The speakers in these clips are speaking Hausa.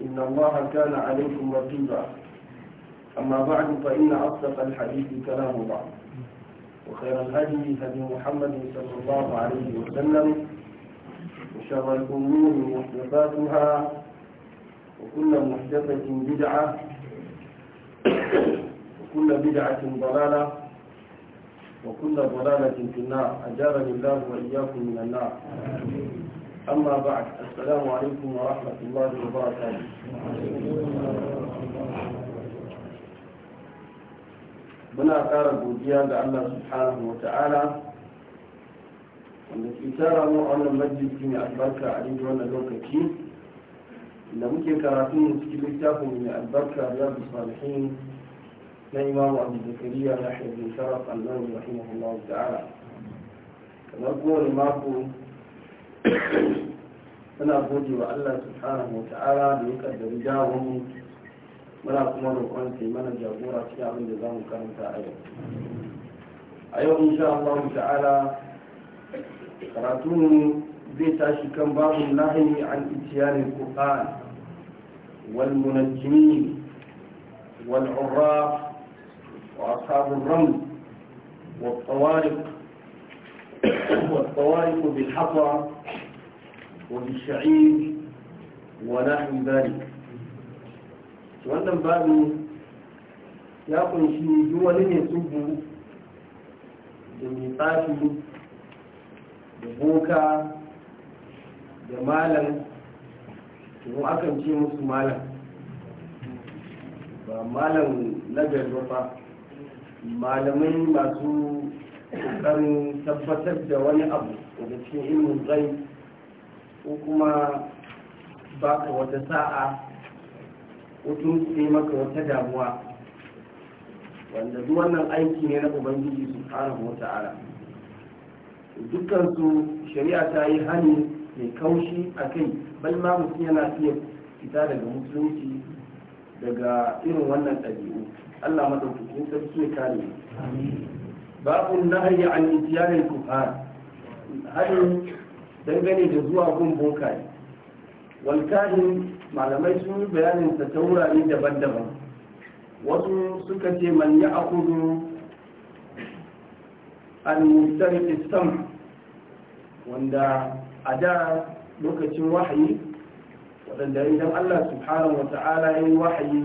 إن الله كان عليكم رقيبا أما بعد فإن أصدق الحديث كلام الله وخير الهدي هدي محمد صلى الله عليه وسلم وشر الأمور محدثاتها وكل محدثة بدعة وكل بدعة ضلالة وكل ضلالة في النار أجارني الله وإياكم من النار أما بعد السلام عليكم ورحمة الله وبركاته muna ƙara godiya ga Allah subhanahu wa ta'ala wanda ke tara mu a wannan majalisi mai albarka a daidai wannan lokaci da muke karatu cikin littafin mai albarka ya bi salihin na imamu abu zakariya na haifin sharaf annabi rahimahullahu ta'ala kamar kowane mako muna gode wa Allah subhanahu wa ta'ala da ya kaddari jawo mu muna kuma roƙon sai mana jagora cikin abin da mu karanta a yau a yau insha Allah ta'ala karatu zai tashi kan babu nahi an itiyanin Qur'an wal munajjimin wal urraf wa ashabur raml والطوارق والطوارق بالحطى وبالشعير ونحو ذلك wannan babu ya kunshi duk wani ne tsubu da mai tsafi da boka da malam kuma akan ce musu malam ba malam na gari ba malamai masu ƙoƙarin tabbatar da wani abu daga cikin ilmin zai ko kuma baka wata sa'a ko tun ce maka wata damuwa wanda duk wannan aiki ne na ubangiji su ƙara ara. dukkansu shari'a ta yi hani mai kaushi a kai bai ma mutum yana iya fita daga musulunci daga irin wannan ɗabi'u allah maɗaukakin sarki ya kare babu nahari an itiyarin kufar hanyar dangane da zuwa gun bokaye walkahin malamai sun yi bayanin ta ta wurare daban-daban wasu suka ce man ya kudu al-mustari islam wanda a da lokacin wahayi waɗanda idan allah subhanahu wa ta'ala ya yi wahayi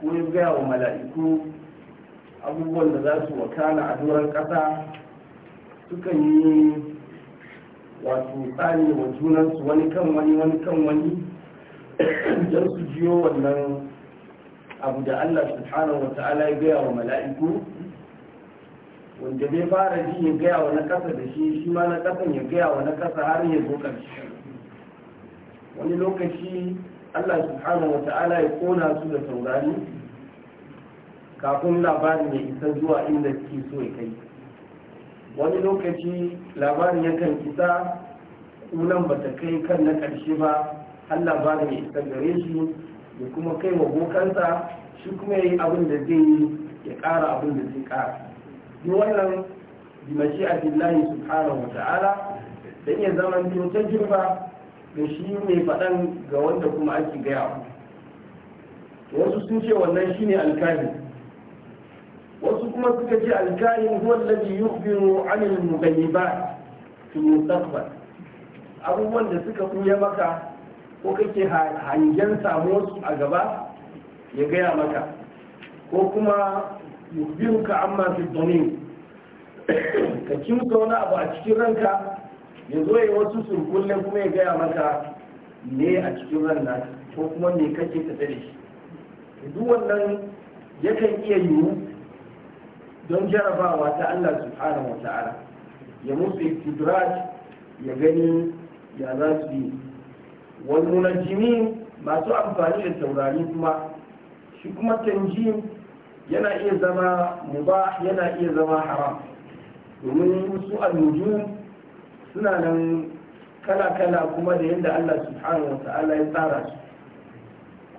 ko ya gaya wa mala'iku abubuwan da za su wakana a doron ƙasa suka yi wato tsari wa junansu wani kan wani wani kan wani don su jiyo wannan abu da allah subhanahu wa ta'ala ya gaya wa mala'iku wanda bai fara ji ya gaya wa na kasa da shi shi ma na kasan ya gaya wa na kasa har ya zo karshe wani lokaci allah subhanahu wa ta'ala ya kona su da saurari kafin labarin ya isa zuwa inda suke so ya kai wani lokaci labarin yakan isa sunan ta kai kan na ƙarshe ba har labarin ya isa gare shi ya kuma kai wa bokansa shi kuma ya yi abin da zai yi ya ƙara abin da zai ƙara yi wannan dimashi a billahi ƙara wa ta'ala don ya zama biyu ta jirba da shi mai faɗan ga wanda kuma ake gaya wasu sun ce wannan shine alkali wasu kuma suka ce alkahin huwa alladhi yukhbiru ganye ba su fi mustaqbal abubuwan da suka kuya maka ko kake hangen samu su a gaba ya gaya maka ko kuma ka amma fi dhamin ka kimsa wani abu a cikin ranka ya zo ya wasu surkulle kuma ya gaya maka ne a cikin ran ko kuma me kake tafe da shi duk wannan yakan iya yiwu don jarabawa ta Allah subhanahu wa ta'ala ya musu istidraj ya gani ya za su yi jini masu amfani da taurari kuma shi kuma tanjim yana iya zama ba yana iya zama haram domin su al suna nan kala-kala kuma da yadda Allah subhanahu wa ta'ala ya tsara su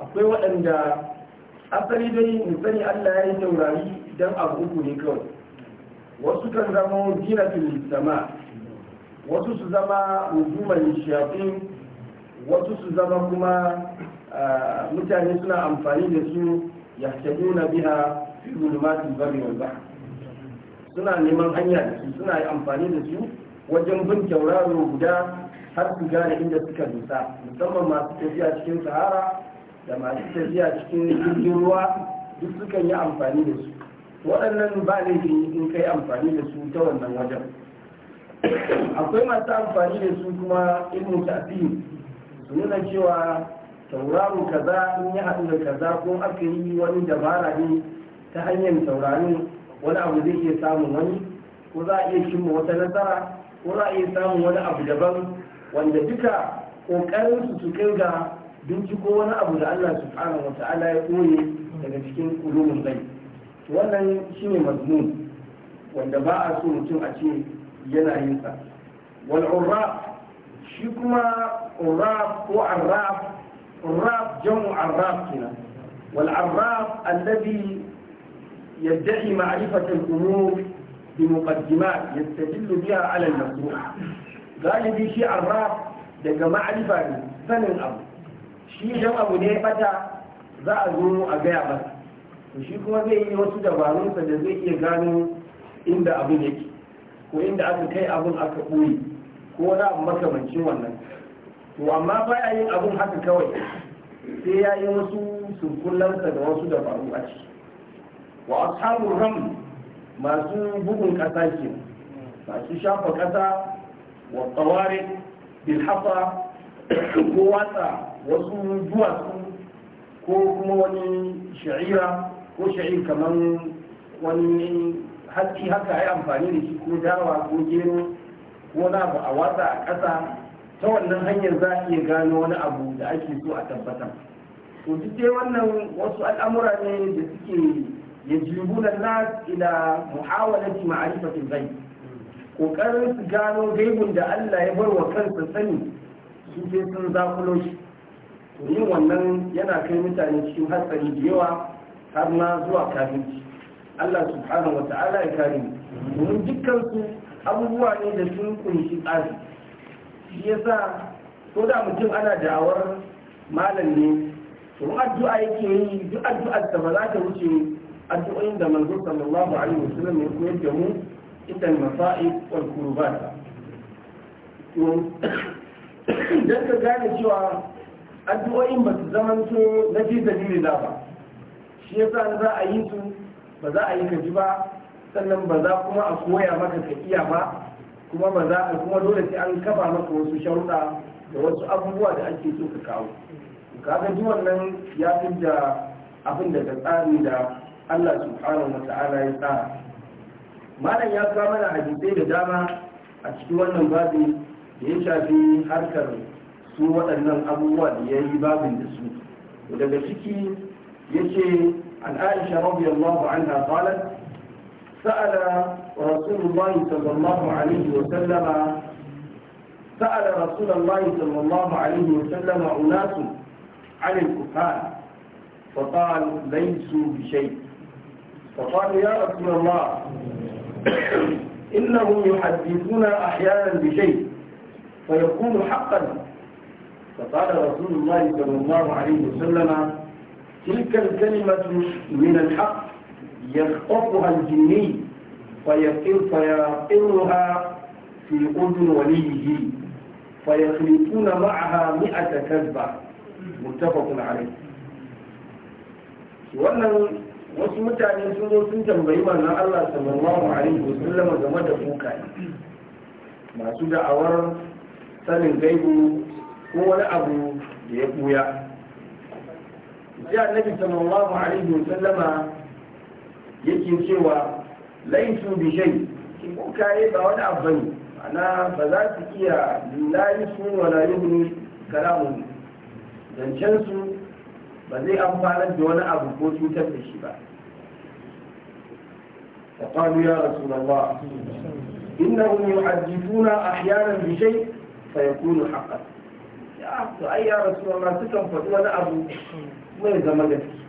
akwai waɗanda asali dai musani Allah ya yi taurari dan abu uku ne kawai wasu kan zama ginatul sama wasu su zama hukumar shafin wasu su zama kuma mutane suna amfani da su ya na biha fi zulumatul barri suna neman hanya da su suna amfani da su wajen bin kyauraro guda har su gane inda suka dusa musamman masu tafiya cikin sahara da masu tafiya cikin jirgin ruwa duk sukan yi amfani da su waɗannan ba yi in kai amfani da su ta wannan wajen akwai masu amfani da su kuma ilmu tafi su nuna cewa tauraro kaza in yi haɗu da kaza ko aka yi wani dabara ne ta hanyar tauraron wani abu zai iya samun wani ko za a iya cimma wata nasara ko za a iya samun wani abu daban wanda duka ƙoƙarinsu su kai ga binciko wani abu da Allah subhanahu wa ta'ala ya koye daga cikin ƙulumin bai wannan shi ne mazmun wanda ba a so mutum a ce yana yin sa wal urraf shi kuma urraf ko arraf urraf jamu arraf kenan wal arraf alladhi yadda'i ma'rifata al-umur bi muqaddimat yastadillu biha ala al-masruh galibi shi arraf daga ma'rifa ne sanin abu shi jama'u ne bata za a zo a gaya masa shi kuma zai yi wasu dabarunsa da zai iya gano inda abin yake ko inda aka kai abin aka ɓoye ko wani abu makamancin wannan to amma baya yin abin haka kawai sai ya yi wasu surkullansa da wasu dabaru a ciki wa ashabu ram masu bugun ƙasa ke masu shafa ƙasa wa tsawarin bilhafa ko watsa wasu duwatsu ko kuma wani sha'ira ko sha'ir kamar wani haski haka ya amfani da shi ko dawa ko gero ko na abu a watsa a ƙasa ta wannan hanyar za a iya gano wani abu da ake so a tabbatar to duk dai wannan wasu al'amura ne da suke na nas ila muhawalati ma'arifatin zai kokarin su gano gaibun da Allah ya bar wa kansa sani su sai sun zakulo shi to yin wannan yana kai mutane cikin hatsari da yawa har ma zuwa kafinci Allah subhanahu wa ta'ala ya kare mu domin dukkan abubuwa ne da sun kunshi tsari shi yasa ko da mutum ana da'awar malam ne to addu'a yake yi duk addu'ar da ba za ta wuce addu'o'in da manzo sallallahu alaihi wasallam ya koyar da mu inda masa'ib wal kurbat to dan ka gane cewa addu'o'in ba su zamanto na fi dalili da ba shi ya sa za a yi su ba za a yi kaji ba sannan ba za kuma a koya maka ka iya ba kuma ba za a kuma dole sai an kafa maka wasu sharuɗa da wasu abubuwa da ake so ka kawo kaga ji wannan ya fi da abin da tsari da Allah subhanahu wa ya tsara malam ya kawo mana hadisai da dama a cikin wannan babi da ya shafi harkar su waɗannan abubuwa da ya yi babin da su daga ciki يمشي عن عائشة رضي الله عنها قالت سأل رسول الله صلى الله عليه وسلم سأل رسول الله صلى الله عليه وسلم أناس عن الكفار فقال ليسوا بشيء فقالوا يا رسول الله إنهم يحدثون أحيانا بشيء فيكون حقا فقال رسول الله صلى الله عليه وسلم تلك الكلمة من الحق يخطفها الجني فيقرها في أذن وليه فيخلطون معها مئة كذبة متفق عليه wannan wasu mutane sun zo sun tambayi manzon Allah sallallahu alaihi wasallam game da kukaye masu da'awar sanin gaibu ko wani abu da ya buya sai annabi sallallahu alaihi wa sallama yake cewa laisu bi shay kin kukaye ba wani ana ba za su iya la yusu wa ba zai amfana da wani abu ko cutar da shi ba فقالوا يا رسول الله إنهم يحدثون أحيانا بشيء فيكون حقا يا أي يا رسول الله تكن wani abu? kuma ya zama gaske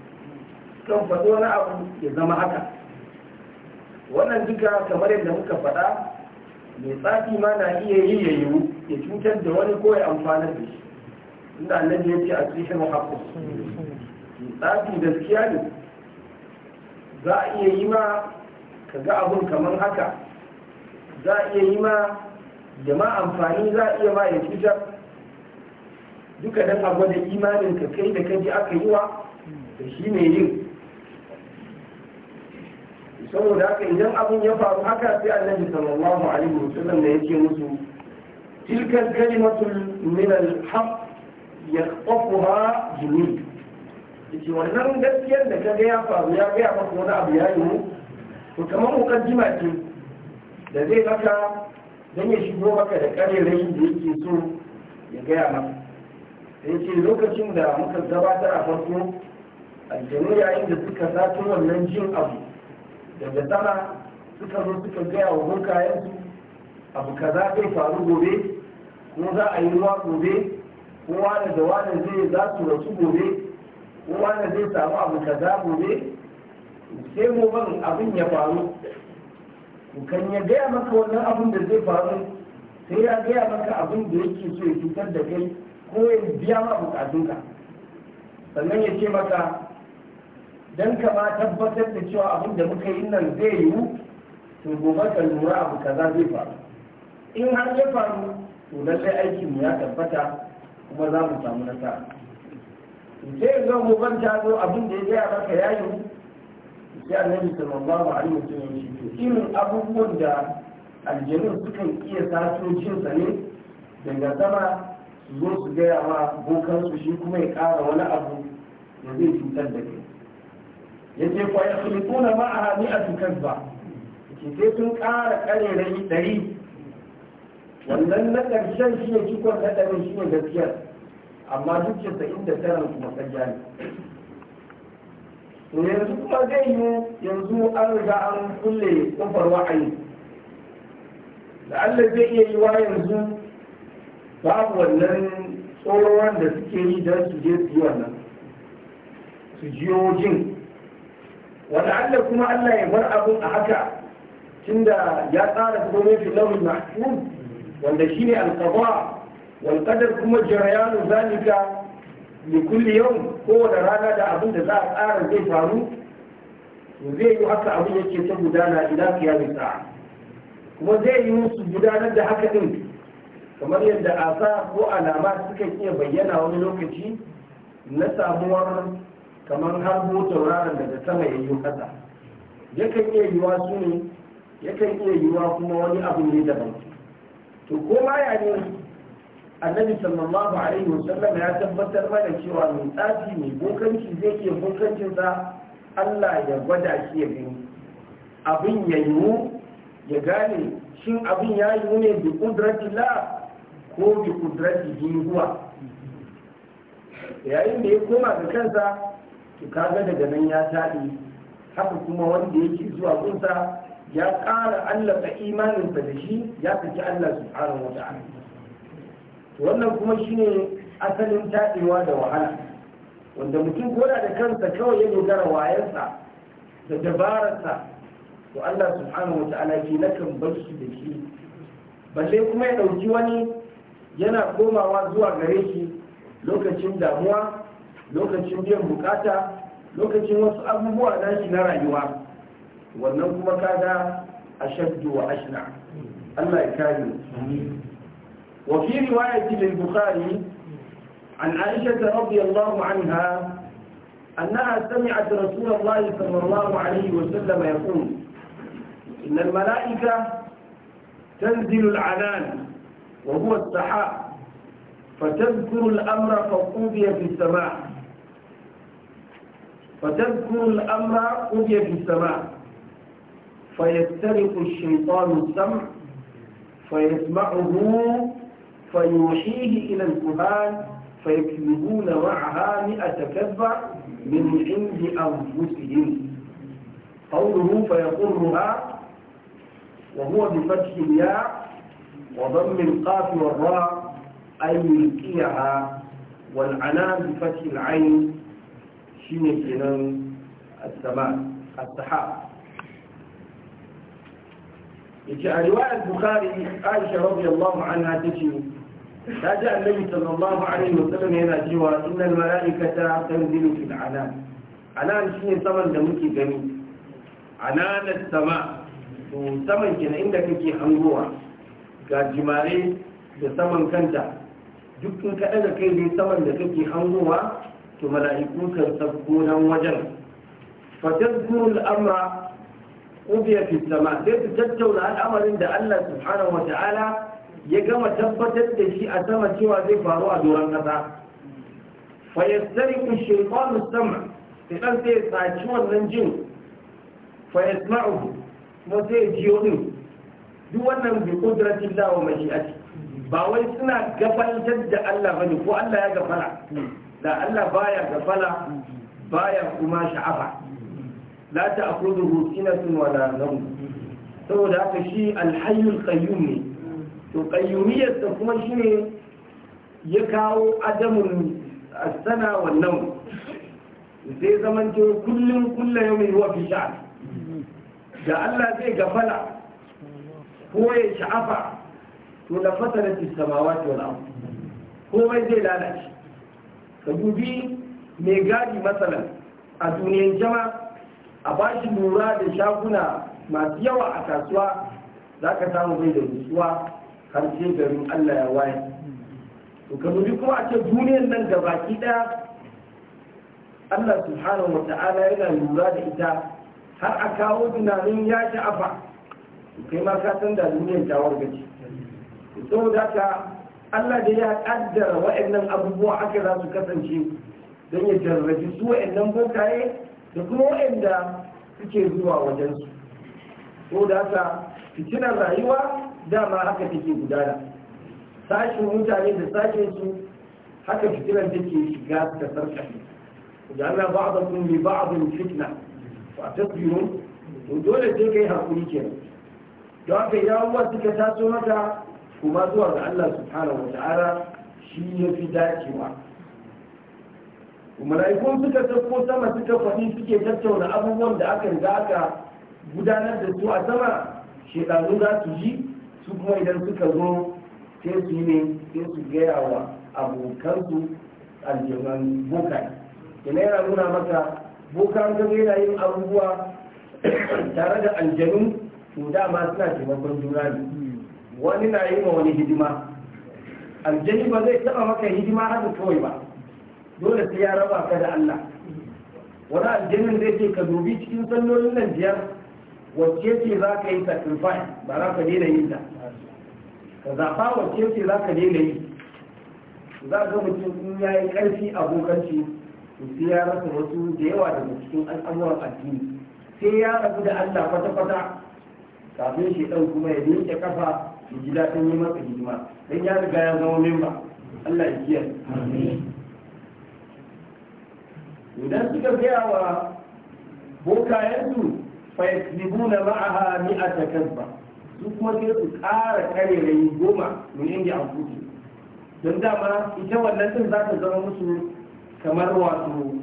kan faɗo wani abu ya zama haka wannan duka kamar yadda muka faɗa mai tsafi ma na iya yi ya yiwu ya cutar da wani ko ya amfana da shi inda annabi ya ce a cikin Mai tsafi gaskiya ne za a iya yi ma ka ga abun kamar haka za a iya yi ma da ma amfani za a iya ma ya cutar duka dan abu da imanin ka kai da kaji aka yi wa da shi ne yin saboda haka idan abin ya faru haka sai annabi sallallahu alaihi sallam da yake musu tilkan kalimatul min al-haq yaqafuha jibril yace wannan gaskiyar da kaga ya faru ya ga maka wani abu ya yi ko kamar mukaddima ce da zai maka dan ya shigo maka da rashin da yake so ya gaya maka yake ce lokacin da muka gabatar a farko aljanu yayin da suka sato wannan jin abu daga sama suka zo suka gaya wa hulkayensu abu kaza zai faru gobe ko za a yi ruwa gobe ko wani da wani zai za su rasu gobe ko wani zai samu abu kaza gobe sai ban abin ya faru kan ya gaya maka wannan abin da zai faru sai ya gaya maka abin da yake so ya fitar da kai ko ya biya ma bukatunka sannan ya ce maka don ka ma tabbatar da cewa abin da muka yi nan zai yiwu to gobe ka lura abu kaza zai faru in har ya faru to lallai aiki mu ya tabbata kuma za mu samu nasara sai ga gobe ta zo abin da ya gaya maka ya yiwu sai annabi sallallahu alaihi wasallam shi to irin abubuwan da aljanu sukan iya sato jinsa ne daga sama su zo su gaya ma bokansu shi kuma ya kara wani abu da zai cutar da kai ya ce kwa ya sulituna ma a hannu a cikin ba ke sai sun ƙara ƙarerai dari wannan na karshen shi ne cikon na ɗarin shi ne gaskiyar amma duk casa'in da taran kuma ƙarya ne yanzu kuma zai yi yanzu an riga an kulle kofar wa'ayi da Allah zai iya yi wa yanzu babu wannan tsoron da suke yi don su je su yi wannan su jiyo jin kuma allah ya bar abin a haka tunda ya tsara komai fi lauhin mahkum wanda shine alqada wal qadar kuma jirayanu zalika li kulli kowane rana da abin da za a tsara zai faru zai yi haka abin yake ta gudana ila qiyamis kuma zai yi musu gudanar da haka din kamar yadda asa ko alama suka iya bayyana wani lokaci na samuwar kamar harbo tauraron daga sama ya yi kasa yakan iya yiwa su ne yakan iya yiwa kuma wani abu ne daban to ko ma ya ne annabi sallallahu alaihi wasallam ya tabbatar mana cewa mai tsafi mai bokanci zai iya bokancinsa allah ya gwada shi ya gani abin ya yiwu ya gane shin abin ya yiwu ne bi kudratillah ko bi kudratihi jinguwa yayin da ya koma ga kansa to kaga daga nan ya taɗi haka kuma wanda yake zuwa kunsa ya ƙara allaka imaninsa da shi ya saki Allah subhanahu wa to wannan kuma shine asalin taɗewa da wahala wanda mutum koda da kansa kawai ya dogara wayarsa da dabararsa to Allah subhanahu wa ta'ala ke nakan bar su da shi balle kuma ya ɗauki wani yana komawa zuwa gare shi lokacin damuwa lokacin biyan bukata lokacin wasu abubuwa na shi na rayuwa wannan kuma kada a ashaddu wa ashna Allah ya kare wa fi riwayati lil bukhari an aisha radiyallahu anha أنها سمعت رسول الله صلى الله عليه وسلم يقول إن الملائكة تنزل العنان وهو السحاب فتذكر الأمر فقضي في السماء فتذكر الأمر قضي في السماء فيسترق الشيطان السمع فيسمعه فيوحيه إلى الكهان فيكذبون معها مئة كذبة من عند أنفسهم قوله فيقرها وهو بفتح الياء وضم القاف والراء أي يلقيها والعناء بفتح العين شين كنان السماء السحاب يجي رواية البخاري عائشة رضي الله عنها تجي جاء النبي صلى الله عليه وسلم هنا جوا إن الملائكة تنزل في العنان عنان شين سمن دمكي جميل عنان السماء وسمن كنا عندك كي حنقوها ga jimare da saman kanta duk in ka daga kai ne saman da kake hangowa to mala'iku kan sabgo nan wajen fatazkuru amra ubiya fi sama sai su tattauna al'amarin da Allah subhanahu wata'ala ya gama tabbatar da shi a sama cewa zai faru a doron kasa fa yastariqu shaytanu sama sai dan sai ya saci wannan jin fa yasma'u kuma sai ya jiyo din duk wannan bi kudratin Allah wa mashi'ati ba wai suna gabatar da Allah bane ko Allah ya gafala da Allah baya gafala baya kuma sha'afa la ta'khudhuhu sinatun wa la nawm saboda haka shi al-hayyul qayyum ne to qayyumiyyar kuma shine ya kawo adamun sana wa nawm zai zaman kullum kullum yau mai wa fi da Allah zai gafala Koya sha'afa to na fasarar samawa ta wani komai zai lalace ka dubi mai gadi matsalar. a duniyan jama a ba shi lura da shaguna masu yawa a kasuwa za ka samu bai da nutsuwa har sai garin allah ya waye to ka dubi kuma a ce duniyan nan da baki daya allah subhanahu wa ta'ala yana lura da ita har a kawo tunanin ya sha'afa kai ma ka san da duniyar ta gaci saboda ka Allah da ya kaddara wa'annan abubuwa haka za su kasance don ya jarrabi su wa'annan bokaye da kuma wa'anda suke zuwa wajen su saboda ka fitinar rayuwa dama haka take gudana sashin mutane da sashin su haka fitinar take shiga ta sarkafi ja'alna ba'dakum li ba'din fitna wa tasbirun to dole sai kai hakuri kenan don haka idan abubuwa suka taso maka kuma zuwa ga Allah subhanahu wa ta'ala shi ya fi dacewa mala'ikun suka sauko sama suka faɗi suke tattauna abubuwan da aka riga aka gudanar da su a sama shekaru za su ji su kuma idan suka zo sai su yi ne sai su gaya wa abokansu aljiman boka ina yana nuna maka boka gaba yana yin abubuwa tare da aljanu to dama suna taimakon juna ne wani na yi ma wani hidima aljani ba zai taba maka hidima haka kawai ba dole sai ya raba ka da Allah wani aljanin zai ce ka dubi cikin sallolin nan biyar wacce ce za ka yi sacrifice ba za ka daina yin ta ka zaɓa wacce ce za ka daina yi za ka mutum in ya yi ƙarfi abokanci to sai ya rasa wasu da yawa daga cikin al'amuran addini sai ya rabu da Allah kwata-kwata kafin shi ɗan kuma ya dinke kafa shi ji daɗin yi masa hidima don ya riga ya zama memba Allah ya kiyaye idan suka gaya wa bokayensu fayaslibuna ma'aha mi'ata kasba su kuma sai su ƙara karerayi goma mun inda an kuce don dama ita wannan din za ta zama musu kamar wato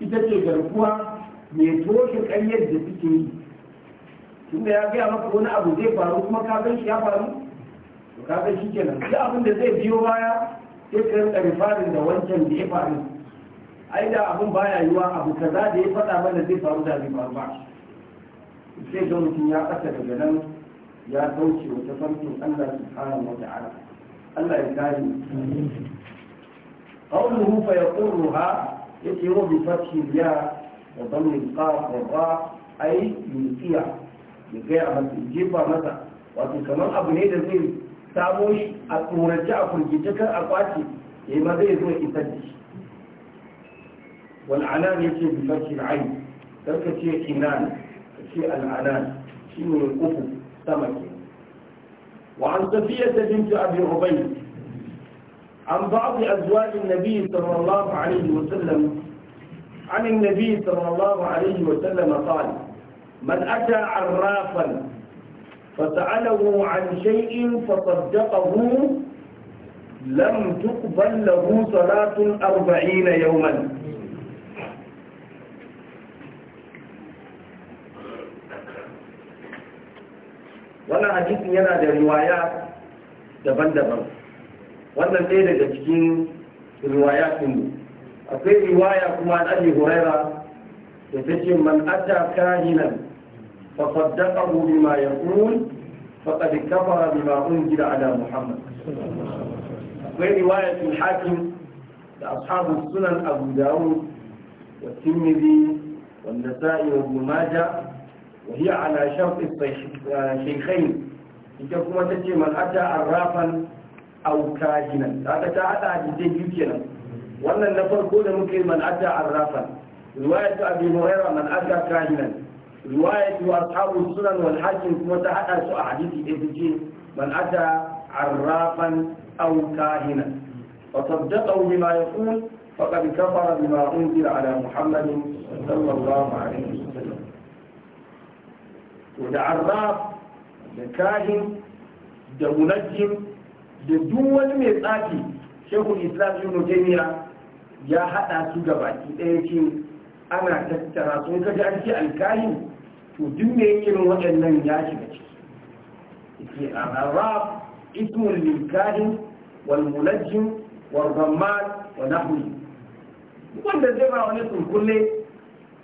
ita ce garkuwa mai toshe ƙaryar da suke yi tunda ya gaya maka wani abu zai faru kuma ka gan shi ya faru to ka gan shi kenan duk abin da zai biyo baya sai ka rinka rifarin da wancan da ya faru ai da abin baya yiwa abu kaza da ya faɗa mana zai faru da zai faru ba sai ga mutum ya ƙasa daga nan ya kauce wata farkin Allah subhanahu wa ta'ala Allah ya kare قوله فيقرها يتيرو بفتح الياء وضم القاف والراء أي يلقيها ya gaya masa jefa masa wato kamar abu ne da zai samo shi a tsorace a kurkice kar a kwace ya yi maza ya zo isar da shi wal'anan ya ce bifarki ra'ayi don ka ce inan ka ce al'anan shi ne uku sama ke وعن صفية بنت أبي عبيد عن بعض أزواج النبي صلى الله عليه وسلم عن النبي صلى الله عليه وسلم قال من أتى عرافا فسأله عن شيء فصدقه لم تقبل له صلاة أربعين يوما wannan hadisin yana da riwaya daban-daban wannan ɗaya daga cikin riwaya sun akwai riwaya kuma an abi huraira da ta ce man adda kahinan fa saddaqahu bima yaqul faqad kafara bima unzila ala muhammad akwai riwaya riwayatul hakim da ashabu sunan abu dawud wa tirmidhi wa nasa'i wa gumaja, majah wa hiya ala shart shaykhain ita kuma ta tace man adda arrafan aw kahinan kaga ta hada hadisi biyu kenan wannan na farko da muke man adda arrafan رواية أبي هريرة من أتى كاهنا رواية أصحاب السنن والحاكم كما تحدث أحاديث إبجين من أتى عرافا أو كاهنا وصدقه بما يقول فقد كفر بما أنزل على محمد صلى الله عليه وسلم وده عراف ده كاهن ده منجم ده دول ميقاتي شيخ الإسلام ابن تيمية يا حتى su ga ana tattara sun kaji an ce alkahin to duk mai irin waɗannan ya shiga ciki yake arab ismul lilkahin wal mulajjim wal wa nahwi wanda zai ba wani tunkulle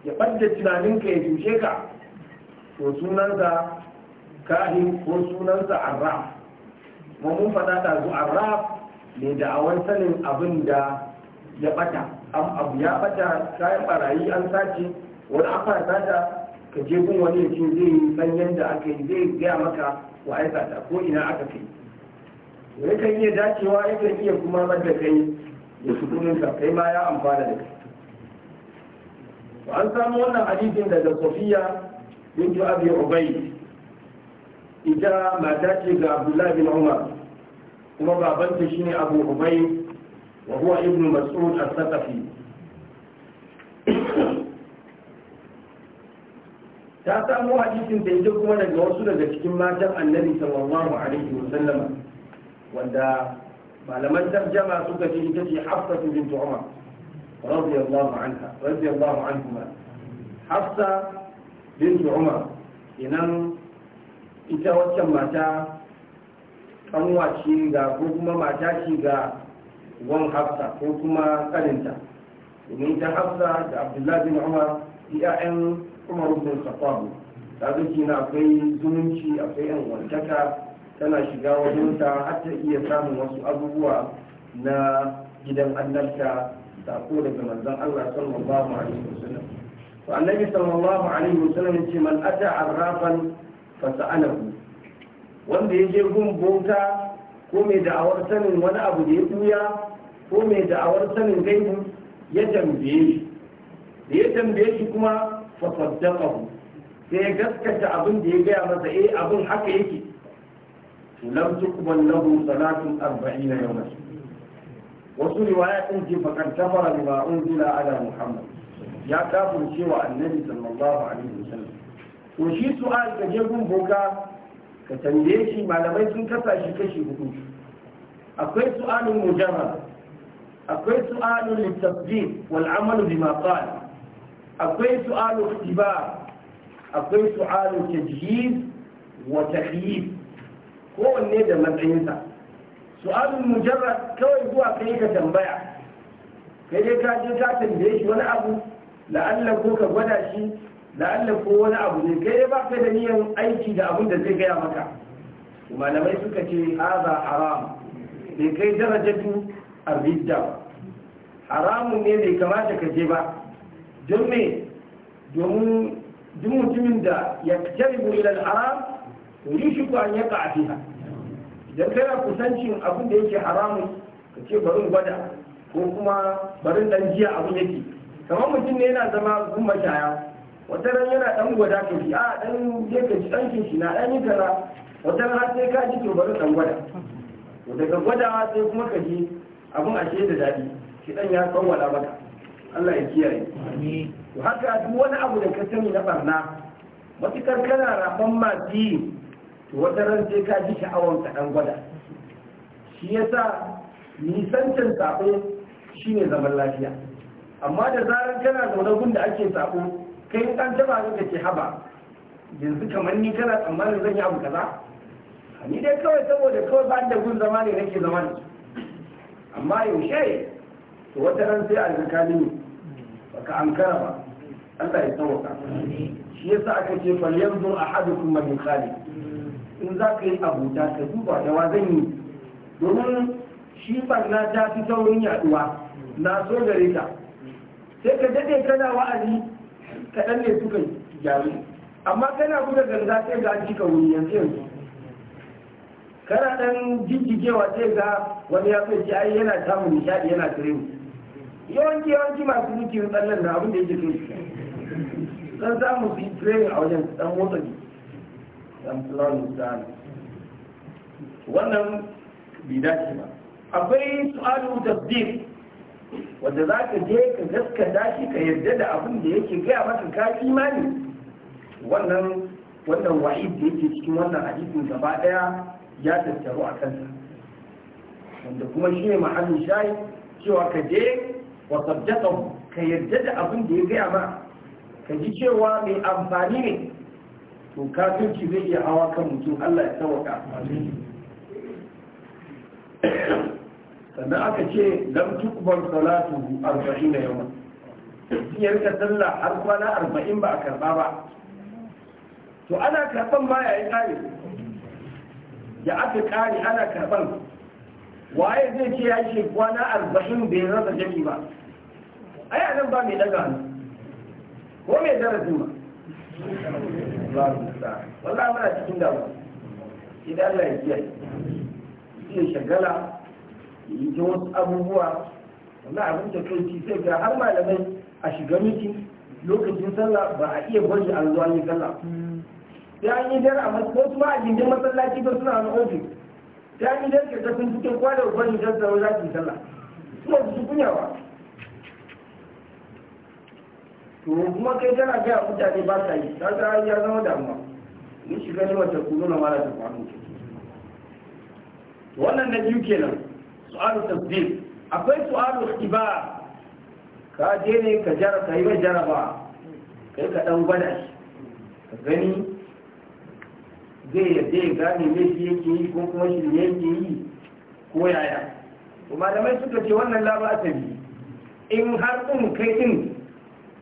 ya ɓadda tunaninka ya tushe ka to sunansa kahin ko sunansa arab mun faɗa ɗazu arab mai da'awar sanin abin da ya bata abu ya bata kayan barayi an sace wani an fara sata ka je gun wani ya ce zai yi san yadda aka yi zai gaya maka wa ai sata ko ina aka kai kan iya dacewa ya kan iya kuma da kai ya da ka kai ma ya amfana da kai an samu wannan hadisin daga sofiya bintu abi ubay ita mata ce ga abdullahi bin umar kuma babanta shine abu ubay وهو ابن مسعود الثقفي ta samu hadisin da ita kuma daga wasu daga cikin matan annabi sallallahu alaihi wasallama wanda malaman tarjama suka ce ita ce hafsa bint umar radiyallahu anha radiyallahu anhuma hafsa bint umar inan ita wacce mata kanwa ce ga ko kuma mata ce ga wan hafsa ko kuma tsaninta domin ita hafsa da abdullahi bin umar ya'yan umar bin khattab ta na akwai zumunci akwai yan wantaka tana shiga wajensa har ta iya samun wasu abubuwa na gidan annabta sako daga manzon Allah sallallahu alaihi wasallam to annabi sallallahu alaihi wasallam yace man ata arrafan fa sa'alahu wanda yaje gun bauta ko mai da'awar sanin wani abu da ya buya ko mai da'awar sanin gaibu ya tambaye shi da ya tambaye shi kuma fa saddaqahu sai ya gaskata abin da ya gaya masa eh abin haka yake to lam tuqbal lahu salatun 40 yawma wasu riwaya din ji fakan tafara bima unzila ala muhammad ya kafin cewa annabi sallallahu alaihi wasallam to shi su'al ka je gun boka ka tambaye shi malamai sun kasa shi kashi hudu akwai su'alin mujarrad akwai su'alun littasjid wal amalu bima qala akwai su'alun ikhtibar akwai su'alun tajhiz wa ko kowanne da matsayinsa su'alun mujarrad kawai zuwa kai ka tambaya kai dai ka je ka tambaye shi wani abu la'alla ko ka gwada shi la'alla ko wani abu ne kai dai ba ka da niyan aiki da abin da zai gaya maka malamai suka ce haza haram ne kai darajatu arridda ba haramun ne bai kamata ka je ba don me domin duk mutumin da ya tare mu ilal haram yi shi ko an yaka a fiha idan kana kusancin abin da yake haramun ka ce barin gwada ko kuma barin dan jiya abu yake kamar mutum ne yana zama gun mashaya wata ran yana dan gwada ka ji a dan je ka ji dan shi na dan yi kaza wata ran har sai ka ji to barin dan gwada daga gwadawa sai kuma ka ji abun ashe da daɗi kiɗan ya tsawwala maka Allah ya kiyaye to haka duk wani abu da ka sani na barna matukar kana rafan masu to wata ran sai ka ji sha'awar ka dan gwada shi yasa nisancin sabo shine zaman lafiya amma da zarar kana zaune gun da ake sabo kai ɗan taba ka ce haba yanzu kamar ni kana tsammanin zan yi abu kaza ni dai kawai saboda kawai ba da gun zama ne nake zama da amma yaushe to wata ran sai a zakani baka kara ba Allah ya tsawaka shi yasa aka ce fal yanzu ahadukum man khali in za ka yi abuta ka duba da zan yi domin shi na ta fi saurin yaduwa na so gare ta sai ka dade kana wa'azi kaɗan ne suka gyaru amma kana buga ganga sai ga an cika wuri yanzu yanzu kana dan jijjigewa sai ga wani ya fi ai yana samun nishadi yana tirewu yawanci yawanci masu dukiyar tsallan da abin da yake so dan samu su yi tirewu a wajen dan motsa jiki dan plan dan wannan bai dace ba akwai su'alu tasdiq wanda za ka je ka gaskata shi ka yarda da abin da yake gaya maka ka imani wannan wannan wa'id da yake cikin wannan hadisin gaba daya ya tattaru a kansa wanda kuma shi ne mahallin shayi cewa ka je wa sabjatahu ka yarda da abin da ya gaya ma ka ji cewa mai amfani ne to kafirci zai iya hawa kan mutum Allah ya sauka sannan aka ce lam tukbar salatu arba'ina yawma ya rika sallah har kwana arba'in ba a karba ba to ana karban ma yayin kare da aka kare ana karban waye zai ce ya ce kwana arba'in bai rasa jami ba a nan ba mai daga hannu ko mai darasin ba wallah muna cikin damu idan Allah ya kiyaye ya shagala yi ta wasu abubuwa wanda abin da kai ci sai ga har malamai a shiga miki lokacin sallah ba a iya gwaji an zuwa yi sallah ya an yi jar a wasu ma a gindin masallaci ba suna wani ofis ya an yi jar ka tafi cikin kwalar ubangiji jar da za ki sallah kuma su kunyawa to kuma kai kana gaya mutane ba ta yi ta ta ya zama damuwa ni shiga ne wata kuno na mara ta faru wannan na biyu kenan su'alu tasdid akwai su'alu ikhtibar ka je ne ka jara ka yi mai jaraba kai ka dan gwada shi ka gani zai yadda ya gane shi yake yi ko kuma shi ne yake yi ko yaya to malamai suka ce wannan laba a in har ɗin kai ɗin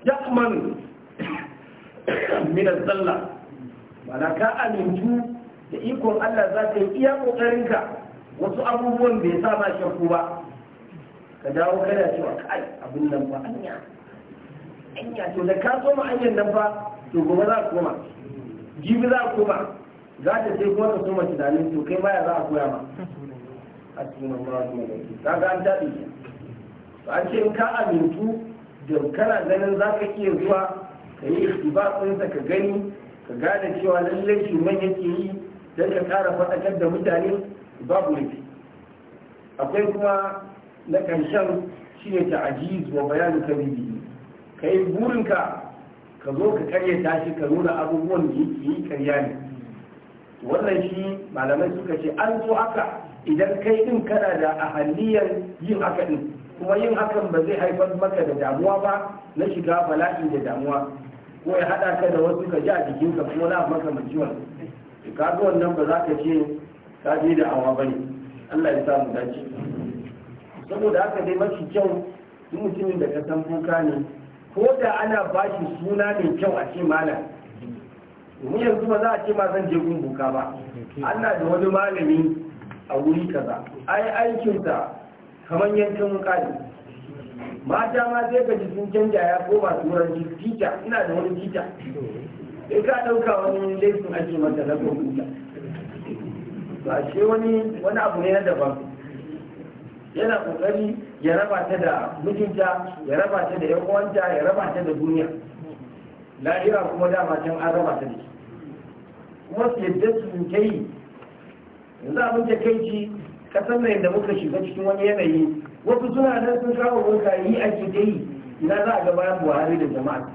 yakman minar Sallah. mana ka amintu da ikon allah za ka yi iya kokarin ka wasu abubuwan bai sa ma shakku ba ka dawo kana cewa kai abin nan ba anya anya to da ka soma anyan nan ba to gobe za ka koma jibi za ka koma za ta ce kuma ta mace tunanin to kai baya za a koya ma a cikin Allah ta ga an taɓe shi an ce in ka amintu da kana ganin za ka iya zuwa ka yi tsinsa ka gani ka gane cewa lallai shi man yake yi don ka ƙara faɗakar da mutane babu laifi akwai kuma na ƙarshen shi ne ta ajiyiz wa bayanu ka ka yi burinka ka zo ka karya tashi ka nuna abubuwan da yake yi karya ne wannan shi malamai suka ce an zo haka idan kai din kana da ahaliyar yin haka din kuma yin hakan ba zai haifar maka da damuwa ba na shiga bala'i da damuwa ko ya haɗa ka da wasu ka ji a ka ko na maka majiwan ka ga wannan ba za ka ce ka je da awa ba Allah ya mu dace saboda haka dai mafi kyau mutumin da ka san kuka ne ko da ana bashi suna mai kyau a ce malam mu yanzu ba za a ce ma zan je gun buka ba ana da wani malami a wuri kaza ai aikinsa kamar yankin wuka ne mata ma sai ka ji sun canja ya koma turanci tita ina da wani tita sai ka ɗauka wani laifin ake mata na kwamfuta ba shi wani wani abu ne na daban yana kokari ya raba ta da mutunta ya raba ta da yan uwanta ya raba ta da duniya lahira kuma dama can an raba ta da shi wasu yadda su ta yi yanzu abin da kai ci kasan mai da muka shiga cikin wani yanayi wasu suna nan sun kawo wanka yi a ke yi ina za a ga bayan buhari da jama'a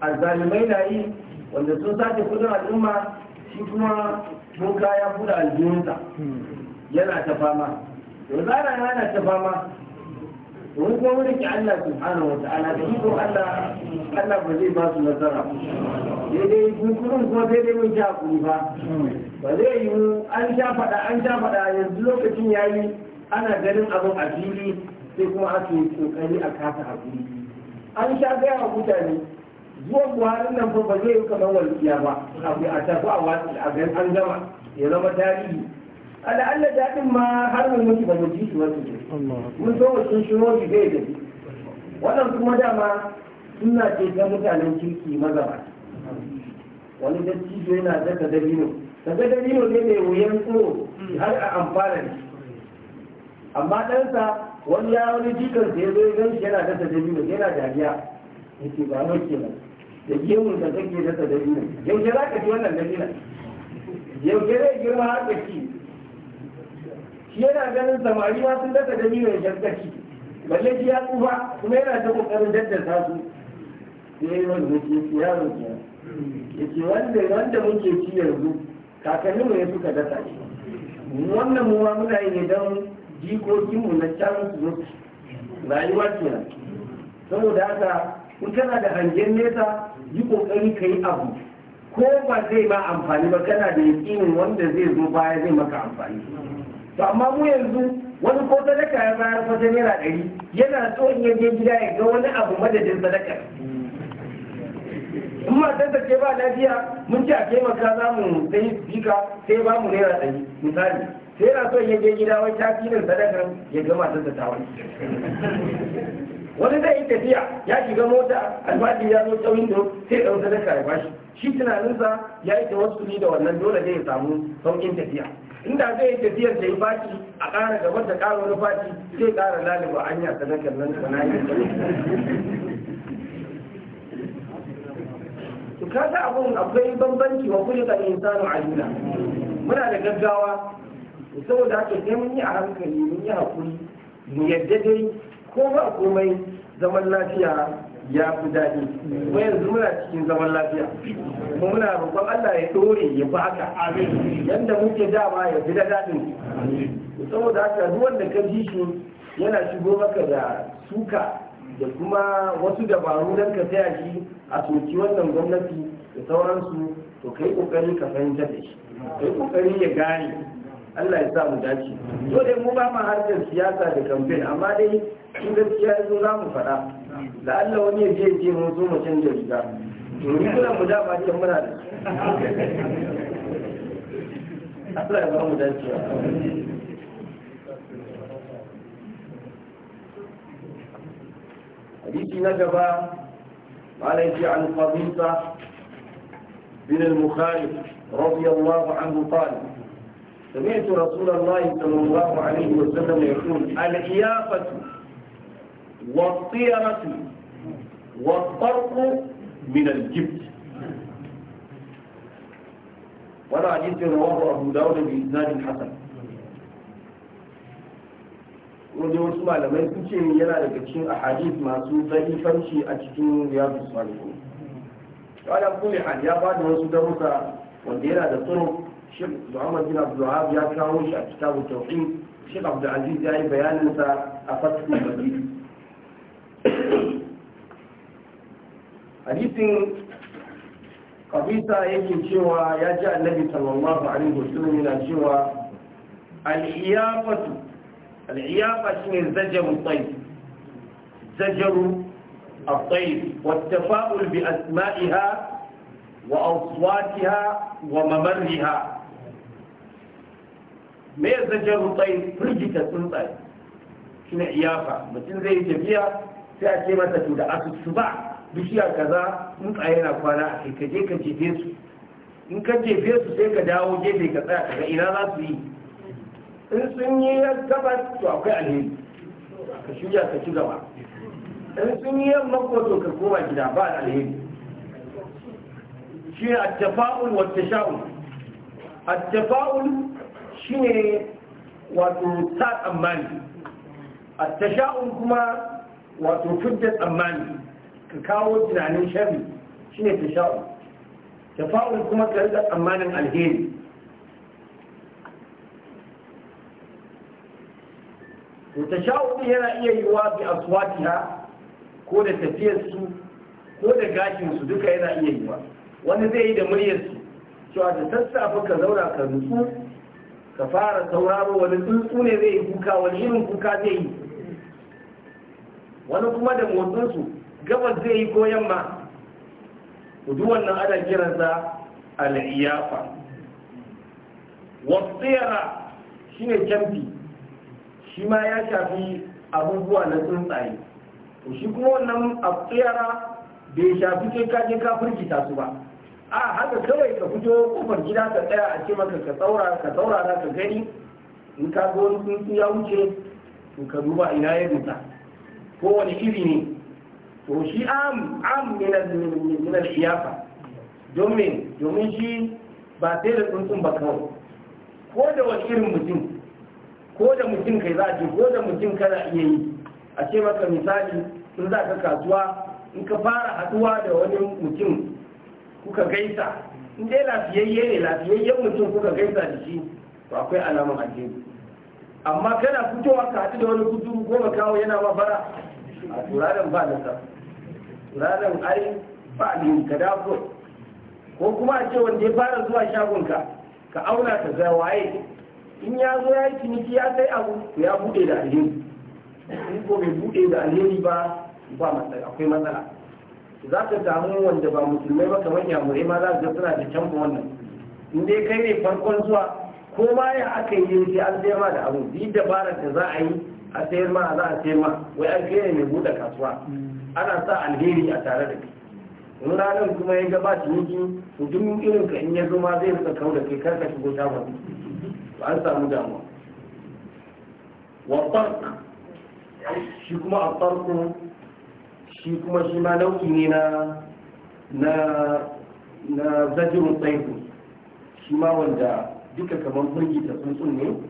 A zalimai na yi wanda sun sake kudin al'umma shi kuma muka ya buɗe aljihunsa hmm. yana ta fama yanzu ana yana ta fama mun kuma wurin ki Allah subhanahu wata ta'ala da iko Allah Allah ba zai ba su nasara daidai mun kuma kuma sai dai mun ja ba ba zai yi mu an sha fada an sha fada yanzu lokacin ya yi ana ganin abin a fili sai kuma ake kokari a kasa a fili an sha gaya wa mutane zuwan buharin nan ba zai yi kamar walƙiya ba a tafi a wasu a gan an gama ya zama tarihi ala'alla daɗin ma har mun mutu ba mu ji su wasu mun so sun shiro shi bai da wannan kuma dama suna ce ta mutanen kirki maza ba. wani dattijo yana zaka dabino daga dabino ne mai wuyan tsoro har a amfana ne amma sa wani ya wani jikan da ya zo ya ganshi yana dasa dabino yana dariya yake ba mai kenan da gemun da kake dasa dabino yau ke za ka ci wannan dabino yau ke zai girma har ka ci ganin samari ma sun dasa dami mai gaskaci balle ji ya tsufa kuma yana ta kokarin daddasa su sai ya ke shi ya rubuce ya ce wanda wanda muke ci yanzu kakanni mu ya suka dasa shi wannan mu ma muna yi ne don jikokin mu na can su zo rayuwa kenan saboda haka in kana da hangen nesa yi kokari ka yi abu ko ba zai ba amfani ba kana da yakinin wanda zai zo baya zai maka amfani to amma mu yanzu wani ko sadaka ya bayar ko sai naira ɗari yana so in yaje gida ya ga wani abu madadin sadaka in ma ta ce ba lafiya mun ce a taimaka za mu sai bika sai ba mu naira ɗari misali sai yana so in yaje gida wai ta filin sadakar ya ga ta wani zai yi tafiya ya shiga mota albashi ya zo ta windo sai ɗau sadaka ya bashi shi tunaninsa ya yi ta wasu da wannan dole zai samu sauƙin tafiya inda zai tafiyar da ya a ƙara gaba da ƙara wani baki sai ƙara laliba hanya sadakar nan sanayi to kaga abun akwai bambanci wa kulli kan insanu ajula muna da gaggawa saboda haka sai mun yi a hankali mun yi hakuri mu yadda dai ko ba komai zaman lafiya ya fi daɗi kuma yanzu muna cikin zaman lafiya kuma muna roƙon Allah ya dore ya fi haka Yadda muke dama ya fi da daɗin saboda haka ruwan da ka ji shi yana shigo maka da suka da kuma wasu dabaru don ka saya shi a soki wannan gwamnati da sauransu to kai kokari ka fahimta da shi kai kokari ya gane Allah ya sa mu dace to dai mu ba mu harkar siyasa da kamfen amma dai in gaskiya yazo za mu faɗa da Allah wani ya je je mu zo mu canza riga domin kuna mu dama can muna da Allah ya ba mu dacewa حديث نجبا قال يجي عن قبيصة بن المخالف رضي الله عنه قال سمعت رسول الله صلى الله عليه وسلم يقول الإيافة والطيرة والطرق من الجبت ولا عجلت رواه أبو داود بإذنان حسن ودي وصمع لما يكون يلا لك أحاديث ما سوطي فمشي أتشين رياض الصالحون قال أبو لحان يا بعد وصو دروسا وديرا دا شيخ محمد بن عبد الوهاب يا كاوش كتاب التوحيد شيخ عبد العزيز يا بيان نسا أفتح المدينة hadisin kabisa yake cewa ya ji annabi sallallahu alaihi wasallam yana cewa al-iyafatu al-iyafa shine zajaru tayyib zajaru الطيب والتفاؤل بأسمائها وأصواتها وممرها ما يزجر الطيب فرجة سلطان شنو عيافة مثل زي تبيع في أكيمة تودع السباع bishiya kaza tsaye na kwana a kai ka je ka jefe su in ka jefe su sai ka dawo jefe ka tsaya daga ina za su yi in sun yi gabas to akwai alheri ka shirya ka ci gaba in sun yi yamma ko to ka koma gida ba alheri shi ne attafa'ul wa tasha'ul attafa'ul shine wato ta tsammani attasha'ul kuma wato fidda tsammani ka kawo tunanin shi shine tasha'u tafa'ul kuma ka rika tsammanin alheri to tasha'u yana iya yiwa bi aswatiha ko da tafiyar su ko da gashin su duka yana iya yiwa wani zai yi da muryar su cewa da sassafe ka zauna ka nutsu ka fara sauraro wani tsuntsu ne zai yi kuka wani irin kuka zai yi wani kuma da motsinsu gabas zai yi ko ma duk wannan ana kiransa al'iyafa shi shine kyanfi shi ma ya shafi abubuwa na tsuntsaye shi kuma wannan tsira bai shafi ke kaje kafin firgita su ba a haka kawai ka fito kofar gida ka tsaya a ce maka ka tsaura ka tsaura za ka gani in ka ga wani tsuntsu ya wuce to ka duba ina ya rusa ko iri ne to shi am am min al-khiyafa domin domin shi ba sai da tsuntsun ba kawai ko da wani irin mutum ko da mutum kai za a ce ko da mutum kana iya yi a ce maka misali in za ka kasuwa in ka fara haduwa da wani mutum kuka gaisa in dai lafiyayye ne lafiyayyen mutum kuka gaisa da shi to akwai alamun addini amma kana fitowa ka haɗu da wani kuturu ko kawo yana mabara a turaren ba nasa ranar ai ba ka dafo ko kuma a ce wanda ya fara zuwa shagunka ka auna ta ga waye in ya zo ya yi ciniki ya sai abu ya bude da alheri in ko bai bude da alheri ba ba matsala akwai matsala za ka samu wanda ba musulmai ba kamar yamurai ma za ga suna da canfa wannan in dai kai ne farkon zuwa ko ma ya aka yi yanzu an sayar ma da abu bi dabarar da za a yi a sayar ma za a sayar ma wai an kai ne mai buɗe kasuwa ana sa alheri a tare da kai in ranar kuma ya gaba ciniki to duk irin ka in ya zama zai rika kau da kai karka shigo shagon ba an samu damuwa wa shi kuma a farko shi kuma shi ma nau'i ne na na na zajirin tsaiko shi ma wanda duka kamar burgi da tsuntsun ne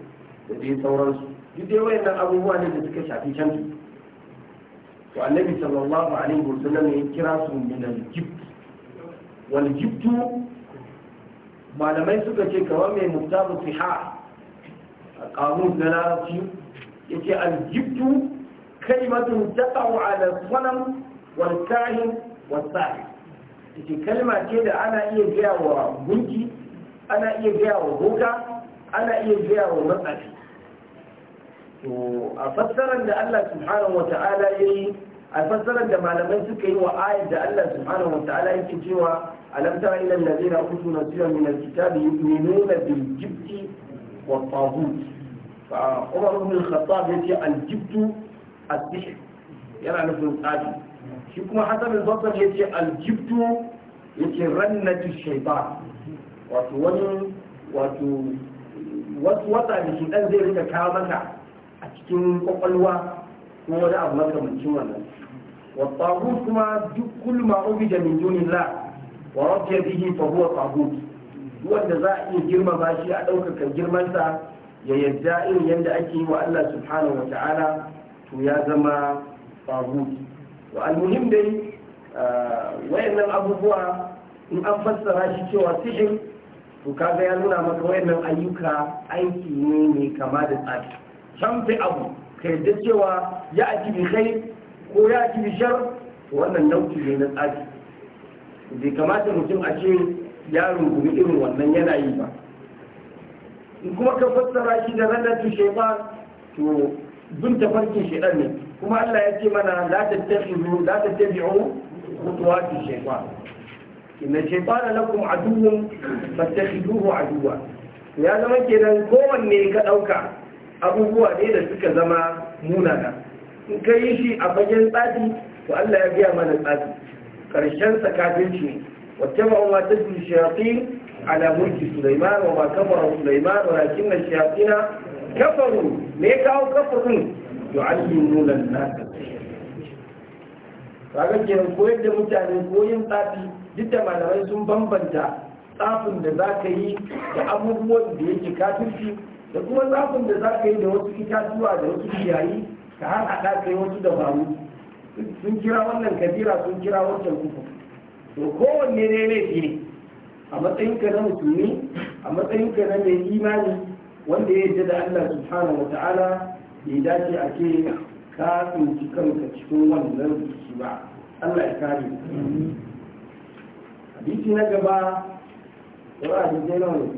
da dai sauransu duk dai wayannan abubuwa ne da suka shafi canji to annabi sallallahu alaihi sallam ya kira su min al-jibt wal malamai suka ce kamar mai muktabu siha a kanun na larabci yake al-jibtu kalimatun taqa'u ala sanam wal kahin wal sahi yake kalma ce da ana iya gaya wa gunki ana iya gaya wa boka ana iya gaya wa matsafi to a fassarar da Allah subhanahu wa ta'ala yayi a da malamai suka yi wa ayar da Allah subhanahu wa ta'ala yake cewa alam tara ila allazina utu nasiran min alkitabi yu'minuna bil jibti wa taghut fa Umar ibn al-Khattab yace al-jibtu as-sihr yana nufin shi kuma Hasan al-Basri yace al-jibtu yace rannatu shaytan wato wani wasu wata da dan zai rika kawo a cikin kwakwalwa ko wani abu makamancin والطاغوت كما كل ما da من دون الله ورضي به فهو طاغوت wanda za a iya girmama shi a ɗaukaka girmansa ya yadda irin yadda ake yi wa Allah subhanahu wa ta'ala to ya zama fagut wa almuhim dai wayannan abubuwa in an fassara shi cewa sihir to kaga ya nuna maka wayannan ayyuka aiki ne mai kama da tsari can abu ka yadda cewa ya aji kai ko ya ci bishar wannan nauki ne na tsafi bai kamata mutum a ce ya rungumi irin wannan yana yi ba in kuma ka fassara shi da ranar shaifa to bin tafarkin shaidan ne kuma Allah ya ce mana za ta la tattabi'u la tattabi'u khutuwati shaifa inna shaytana lakum aduwwun duhu aduwa ya zama kenan kowanne ka dauka abubuwa ne da suka zama munana in ka yi shi a fagen tsafi to Allah ya biya mana tsafi karshen sakafinci kafirci ne wacce ba wa ta fi shayatin ala mulki Sulaiman wa ba kafara Sulaiman walakin shayatina kafaru me kawo kafarun To an-nas yi kaga kenan koyar da mutane koyin tsafi duk da malamai sun bambanta tsafin da za ka yi da abubuwan da yake kafirci da kuma tsafin da za ka yi da wasu itatuwa da wasu ciyayi ka har haɗa kai wasu dabaru sun kira wannan kabira sun kira wancan kuku to kowanne ne laifi ne a matsayinka na musulmi a matsayinka na mai imani wanda ya yarda da Allah subhanahu wa ta'ala bai dace a ke ka tsinci kanka cikin wannan rikici ba Allah ya kare hadisi na gaba da ra'ayi na wani.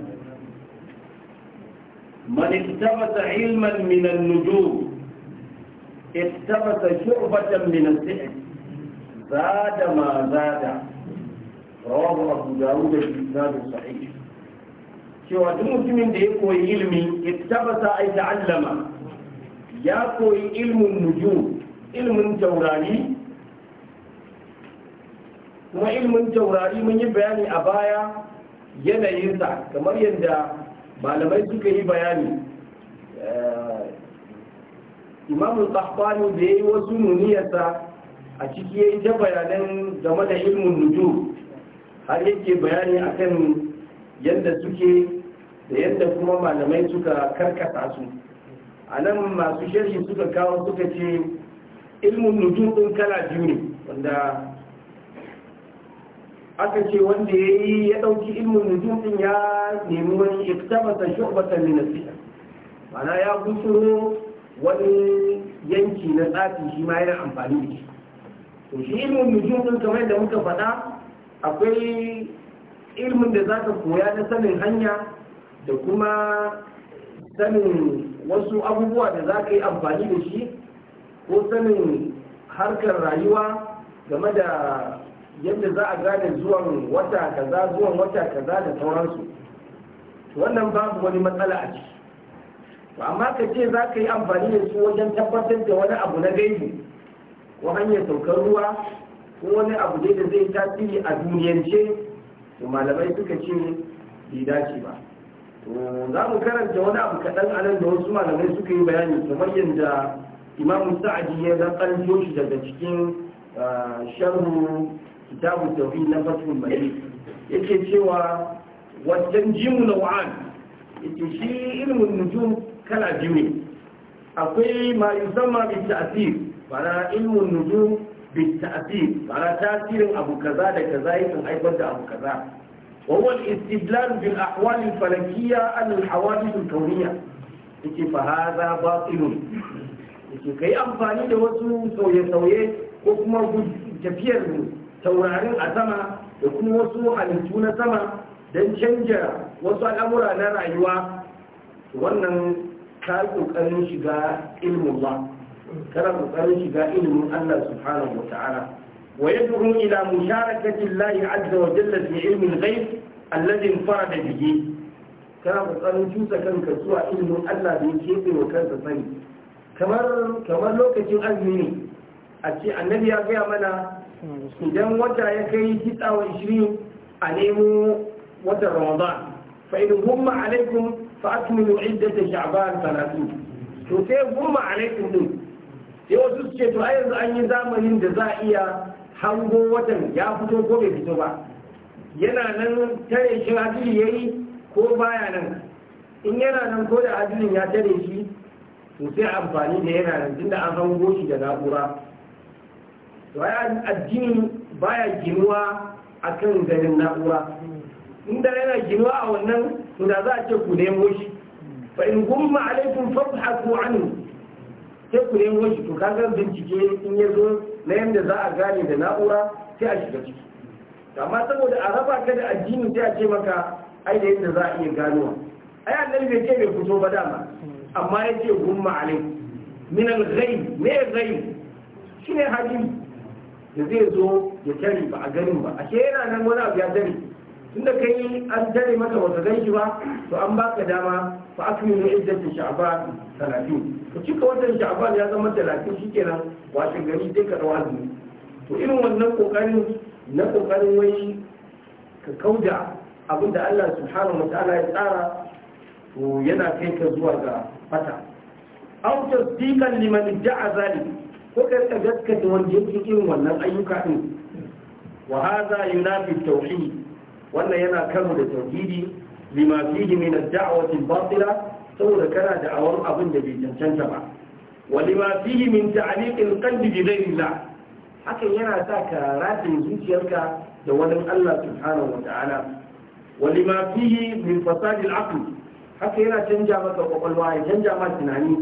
من اقتبس علما من النجوم اقتبس شعبة من السحر زاد ما زاد رواه أبو داود الإسناد الصحيح cewa duk mutumin da ya koyi ilimi ittabasa ay ta'allama ya koyi ilmin nujum ilmin taurari kuma ilmin taurari mun yi bayani a baya yanayinsa kamar yadda malamai suka yi bayani eh, al tsakfani da ya yi wasu nuniyarsa a ciki ya yi ta bayanan game da ilmin nuju har yake bayani akan yadda suke da yadda kuma malamai suka karkata su a nan masu sharhi suka kawo suka ce ilmin nuju ɗin kala biyu ne wanda aka ce wanda ya yi ya ɗauki ilmin nujum ɗin ya nemi wani iktabata shu'batan min nasiha mana ya gutsuro wani yanki na tsafi shi ma yana amfani da shi to shi ilmin nujum ɗin kamar yadda muka faɗa akwai ilmin da za ka koya na sanin hanya da kuma sanin wasu abubuwa da za ka yi amfani da shi ko sanin harkar rayuwa game da yadda za a gane zuwan wata kaza zuwan wata kaza da sauransu wannan babu wani matsala a ciki ba amma ka ce za ka yi amfani da su wajen tabbatar da wani abu na gaibi ko hanyar saukar ruwa ko wani abu dai da zai tasiri a duniyance to malamai suka ce bai dace ba to za mu karanta wani abu kaɗan a nan da wasu malamai suka yi bayani kamar yadda imamu sa'adi ya zaɓar shi daga cikin ah, sharhu kitabu tauhid na fatul majid yake cewa wajen jimu wa'an yake shi ilmin nujum kala biyu ne akwai ma yusamma bi ta'sir bara ilmin nujum bi ta'sir bara tasirin abu kaza da kaza yakan haifar da abu kaza وهو الاستدلال بالأحوال الفلكية عن الحوادث الكونية yake fa haza batilun yake kai amfani da wasu sauye-sauye ko kuma tafiyar taurarin a sama da kuma wasu halittu na sama don canja wasu al'amura na rayuwa wannan ka ƙoƙarin shiga ilmin ba kana ƙoƙarin shiga ilimin Allah subhanahu wa ta'ala wa yad'u ila musharakati Allah azza wa jalla fi ilmi al-ghaib alladhi da bihi kana ƙoƙarin cusa kanka zuwa ilimin Allah da yake wa kansa sani kamar kamar lokacin azumi ne a ce annabi ya gaya mana idan wata ya kai wa 20 a nemo wata ramadan fa idan gumma alaikum fa akmilu iddata sha'ban 30 to sai gumma alaikum din sai wasu suke to ai yanzu an yi zamanin da za a iya hango watan ya fito ko bai fito ba yana nan tare shi ya yayi ko baya nan in yana nan ko da hadirin ya tare shi to sai amfani da yana nan tunda an hango shi da na'ura waya addini baya ginuwa akan ganin na'ura inda yana ginuwa a wannan da za a ce ku nemo shi fa in gumma alaikum fabhatu anhu sai ku nemo shi to kaga bincike in ya zo na yadda za a gane da na'ura sai a shiga ciki amma saboda a raba ka da addini sai a ce maka ai da yadda za a iya ganowa ai annabi bai ce bai fito ba dama amma ya ce gumma alaikum min al-ghaib me ghaib shine hadisi da zai zo ya tare ba a ganin ba ashe yana nan wani abu ya tare tunda kai an tare maka wata gan shi ba to an baka dama fa akmilu da sha'aba 30 to cika watan sha'aba ya zama 30 shikenan washe gari zai ka dawo azumi to irin wannan kokarin na kokarin wai ka kauda abinda Allah subhanahu wa ya tsara to yana kai ka zuwa ga fata aw tasdiqan liman gaskata wanda yake irin wannan ayyuka din wa hadha yunafi tauhid wannan yana karo da tauhidi lima fihi min ad-da'wati al-batila saboda kana da awar abin da bai cancanta ba wa lima fihi min ta'liq al-qalbi bi ghayrillah hakan yana sa ka ratin zuciyarka da wani Allah subhanahu wa ta'ala wa lima fihi min fasad al-aql haka yana canja maka kwakwalwa ya canja ma tunani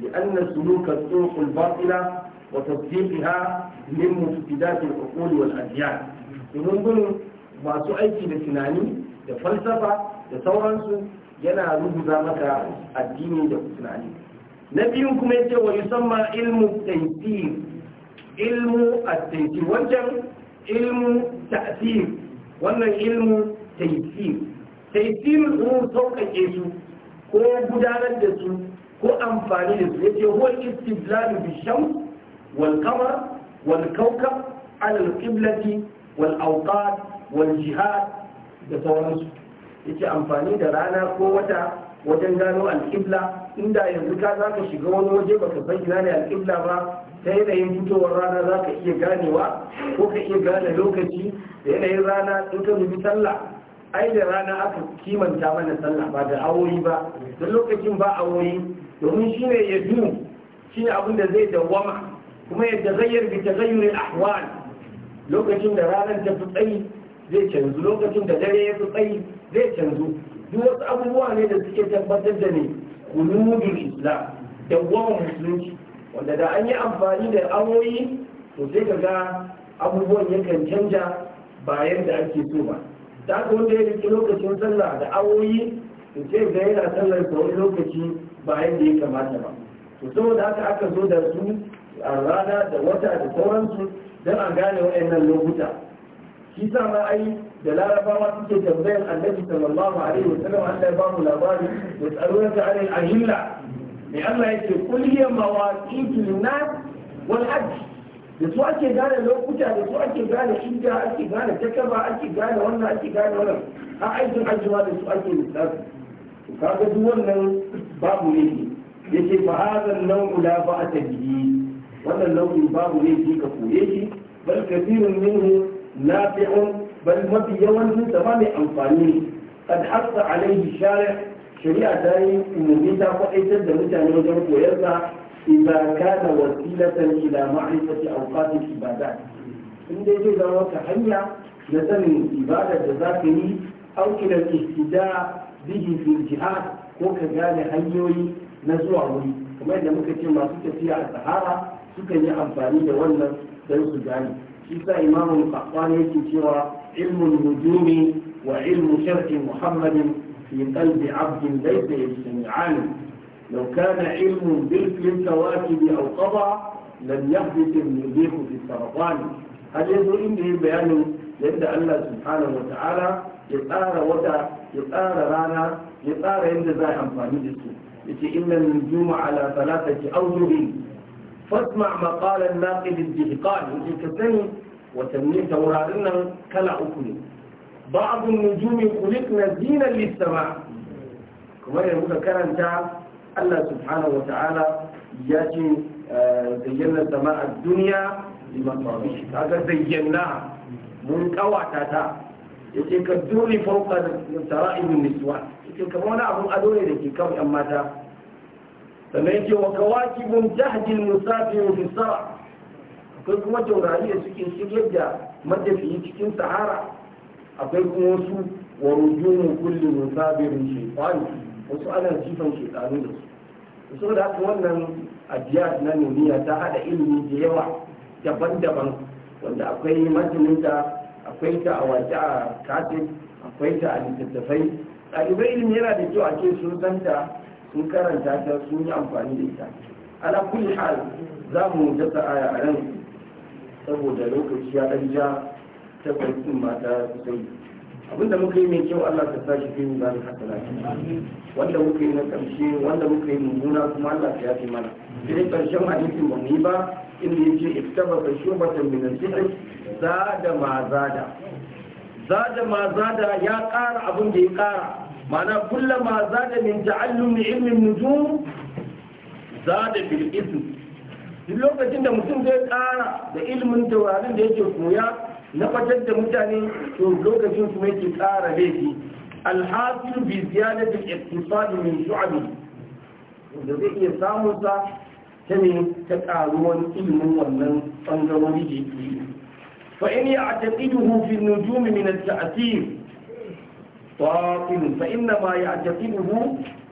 لأن سلوك الطرق الباطلة وتصديقها من مفسدات العقول والأديان domin gudun masu aiki da tunani da falsafa da sauransu yana rubuta maka addini da tunani na biyun kuma yace wa yusamma ilmu taysir ilmu at wajen, wancan ilmu ta'sir wannan ilmu taifi. taysir ko sauƙaƙe su ko gudanar da su ko amfani da su yace huwa istidlal bi shams والقمر والكوكب على القبلة والأوقات والجهاد بتورنسو yake amfani da rana ko wata wajen gano alƙibla inda yanzu ka ka shiga wani waje ba ka san ina ne alƙibla ba ta yanayin fitowar rana za ka iya ganewa ko ka iya gane lokaci da yanayin rana in ka nufi sallah ai da rana aka kimanta mana sallah ba da awoyi ba da lokacin ba awoyi domin shine ya biyu shine abin da zai dawwama kuma ya tagayyar bi tagayyurin ahwal lokacin da ranar ta fi tsayi zai canzu lokacin da dare ya fi tsayi zai canzu duk wasu abubuwa ne da suke tabbatar da ne kulubul islam gwamnan musulunci wanda da an yi amfani da amoyi to sai ka ga abubuwan yakan canja bayan da ake so ba ta haka wanda ya rike lokacin sallah da awoyi to sai ga yana sallar da wani lokaci bayan da ya kamata ba to saboda haka aka zo da su a rana da wata da sauransu don a gane waɗannan lokuta shi sa ma ai da larabawa suke tambayan annabi sallallahu alaihi wa sallam Allah ya ba mu labari da tsaruwar ta alil ahilla mai Allah yake kul hiya mawaqitu lin-nas wal hajj da su ake gane lokuta da su ake gane hijja ake gane takaba ake gane wannan ake gane wannan a aikin ajima da su ake lissafi kaga duk wannan babu ne yake fa hadha an-naw'u la ba'ta bihi wannan nau'in babu laifi ka koye shi bal kathirun minhu nafi'un bal mafi yawancin sa ba mai amfani ne hasa alaihi shari' shari'a ta yi umarni ta kwaɗaitar da mutane wajen koyarsa idan kana wasilatan ila ma'rifati awqatil ibadat in dai zai zama ka hanya na sanin ibada da za ka yi aukila istida bihi fil jihad ko ka gane hanyoyi na zuwa wuri kamar yadda muka ce masu tafiya a sahara suka yi amfani da wannan don su gane shi sa imamu qahtani yake cewa ilmu nujumi wa ilmu shar'i muhammadin fi qalbi 'abdin laysa yajtami'an law kana ilmun bil kawakibi aw qada lam yahbith al-mudhiq fi saraban har yanzu inda ya bayanin yadda Allah subhanahu wa ta'ala ya tsara wata ya tsara rana ya tsara yadda za a amfani da su yace innal nujuma ala thalathati awjuhin fasma maqalan naqid al-jihqan yake ka sani watanni taurarin nan kala uku ne ba'd an-nujumi khuliqna zinan lis-sama kuma da muka karanta Allah subhanahu wa ta'ala ya ce zayyana sama'a duniya liman tawish kaga zayyana mun kawata ta ka duri fauka da sara'ibin niswa yace kamar wani abin ado ne da ke kawai yan mata sannan yake wa kawakibun tahdil musafir fi sara akwai kuma taurari da suke shiryar da matafiyi cikin sahara akwai kuma wasu wa kulle kulli musafirin shekwani wasu ana jifan shekaru da su da haka wannan ajiyar na nuniya ta hada ilimi da yawa daban-daban wanda akwai matanin akwai ta a wace a katin akwai ta a littattafai ɗalibai ilimi yana da kyau a ce sun zanta sun karanta ta sun yi amfani da ita ala kulli hal za mu dasa aya a nan saboda lokaci ya ɗan ja ta farkin mata sosai abinda muka yi mai kyau Allah ta sa shi fi mu zai hasala wanda muka yi na ƙarshe wanda muka yi mummuna kuma Allah ta yafi mana sai ƙarshen hadisin ba mu yi ba inda yake iftaba ka shubatan min al-sihr zada ma zada zada ma zada ya ƙara abin da ya ƙara ma'ana kullama zada min ta'allum ilmin nujum zada bil ism duk lokacin da mutum zai ƙara da ilimin taurarin da yake koya na fatar da mutane to lokacin su yake ƙara laifi alhasil bi ziyadati al-iqtisad min shu'abi da zai iya samun sa ta ne ta ƙaruwan ilimin wannan bangarori da yake fa in ya'taqiduhu fi an min at-ta'thir باطل فإنما يعتقده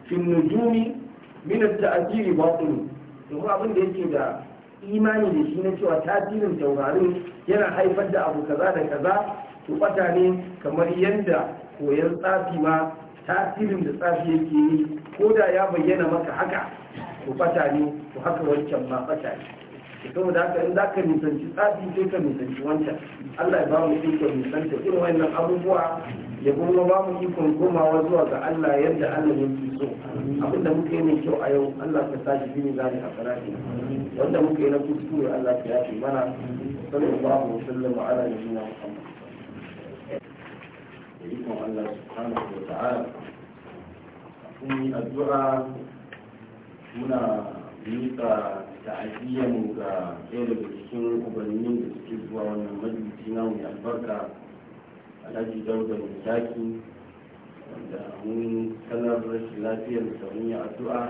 في النجوم من التأثير باطل yanzu abin da yake da imani da shi na cewa tasirin taurarin yana haifar da abu kaza da kaza Ku bata ne kamar yadda koyon tsafi ma tasirin da tsafi yake yi ko da ya bayyana maka haka to bata ne ku haka wancan ma bata ne da haka in za ka nisanci tsafi sai ka nisanci wancan allah ya ba mu ikon nisanta irin wannan abubuwa ya kuma ba mu ikon komawa zuwa ga allah yadda allah ya fi so abinda muka yi mai kyau a yau allah ka sa shi ne zari a farafi wanda muka yi na kuskure allah ka yafe mana sallallahu alaihi wa musallin ala nabiyina muhammad muna miƙa ta'aziyyar mu ga ɗaya daga cikin ubannin da suke zuwa wannan majalisi na wani albarka alhaji dauda mai zaki wanda mun sanar rashin lafiyar da mun yi addu'a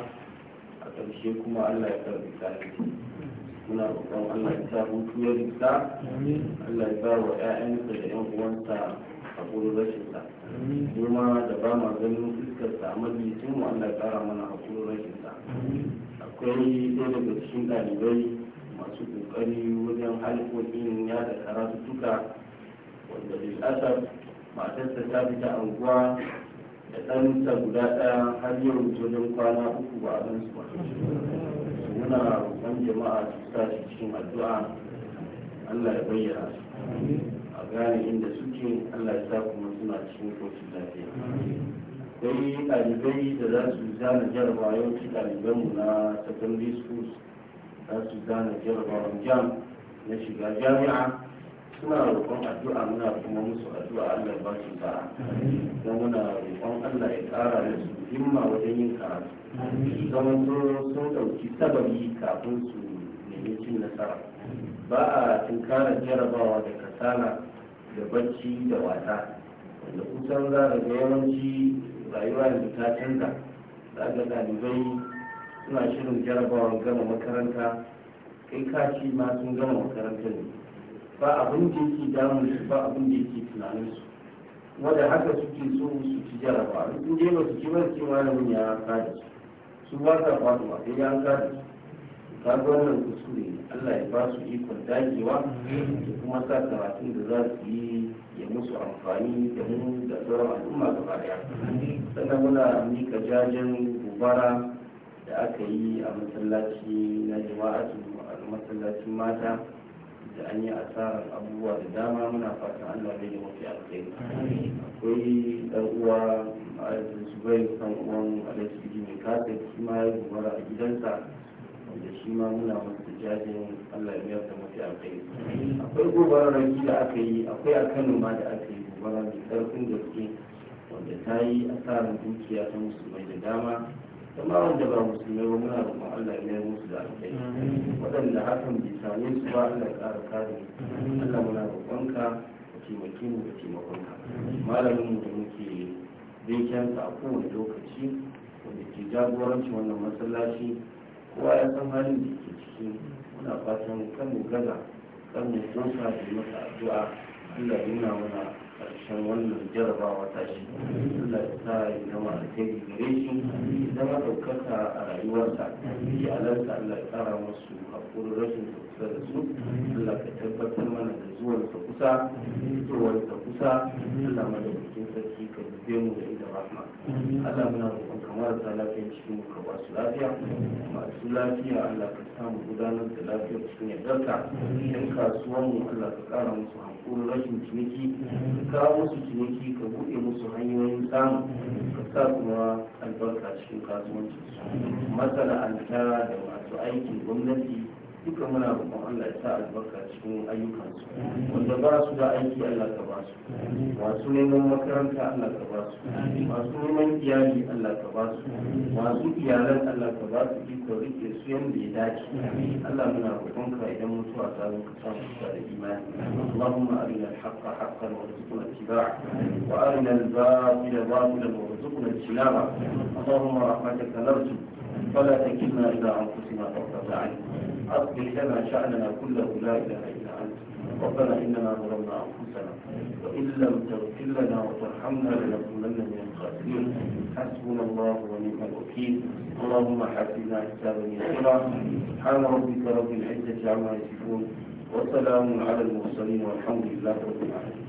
a ƙarshe kuma allah ya karbi sarki muna roƙon allah ya sa hutu ya rikta allah ya ba wa 'ya'yansa da 'yan uwansa a gurin rashin sa girma da ba ma ganin fuskarsa a majalisin mu allah ya ƙara mana a gurin rashin sa akwai ɗaya daga cikin ɗalibai masu ƙoƙari wajen harkokin yada karatuttuka wanda bil'asar matarsa ta fi ta anguwa da ɗanta guda ɗaya har yau wajen kwana uku ba a gansu ba muna roƙon jama'a su sa shi cikin addu'a allah ya bayyana a gane inda suke allah ya sa kuma suna cikin kotun lafiya dai ɗalibai da za su zana jarabawa yawanci ɗalibanmu na secondary schools za su zana jarabawan jam na shiga jami'a suna roƙon addu'a muna kuma musu addu'a Allah ba su sa'a don muna roƙon Allah ya ƙara da su himma wajen yin karatu zama sun ɗauki sabari kafin su nemi cin nasara ba a tunkarar jarabawa da kasala da bacci da wata wanda kusan za ga yawanci rayuwa yanzu ta canza da aka ɗalibai suna shirin jarabawar gama makaranta kai kaci ma sun gama makarantar ne ba abin da yake damun su ba abin da yake tunanin su kuma da haka suke so su ci jarabawa in dai ba su ci ba ce malamin ya da su su ba sa faduwa sai ya da su kaga wannan kuskure Allah ya ba su ikon dagewa da kuma sa karatun da za su yi musu amfani da mu da sauran al'umma gaba daya sannan muna mika jajen gobara da aka yi a masallaci na jama'atu a masallacin mata da an yi asarar abubuwa da dama muna fata allah ne da mafi alkhairi akwai dan uwa ma'aikatan bai kan uwan alhaji mai kasa shi ma ya gobara a gidansa wanda shi ma muna musu jajin Allah ya mafi alkhairi akwai gobarar raki da aka yi akwai a Kano ma da aka yi gobara mai karfin gaske wanda ta yi asarar dukiya ta musulmai da dama kuma wanda ba musulmai ba muna da kuma Allah ya yi musu da waɗanda hakan bai same su ba Allah ƙara kare Allah muna roƙonka ka taimake mu ka malamin mu da muke bincin a kowane lokaci wanda ke jagoranci wannan masallaci kowa ya san halin da ke ciki muna fatan kan mu gaza kan mu sosa da masa addu'a Allah nuna mana ƙarshen wannan jarabawa ta shi Allah ya sa ya zama alheri gare shi zama ɗaukaka a rayuwarsa iyalansa Allah ya tsara masu haƙurin rashin tsotsa da su Allah ka tabbatar mana da zuwan ta kusa zuwan ta kusa Allah bikin sarki ka rufe mu da ita ba ma Allah muna roƙon ka marasa lafiya cikin mu ka ba su lafiya masu lafiya Allah ka sa mu gudanar da lafiyar cikin yardarka yan kasuwan mu Allah ka kara musu hankulin rashin ciniki ka kawo musu ciniki ka buɗe musu hanyoyin samu ka sa kuma albarka cikin kasuwancin su masana'anta da masu aikin gwamnati duka muna roƙon Allah ya sa albarka cikin ayyukansu wanda ba su da aiki Allah ka ba su masu neman makaranta Allah ka ba su masu neman iyali Allah ka ba su masu iyalan Allah ka ba su iko rike su yanda ya dace Allah muna roƙon ka idan mutuwa ta zo ka samu su da imani Allahumma arina al-haqqa haqqan warzuqna ittiba'a wa arina al-batila batilan warzuqna ijtinaba Allahumma rahmataka narju فلا تكلنا إلى أنفسنا طرفة عين أصلح لنا شأننا كله لا إله إلا أنت ربنا إننا ظلمنا أنفسنا وإن لم تغفر لنا وترحمنا لنكونن من الخاسرين حسبنا الله ونعم الوكيل اللهم حاسبنا حسابا يسيرا سبحان ربك رب العزة عما يصفون وسلام على المرسلين والحمد لله رب العالمين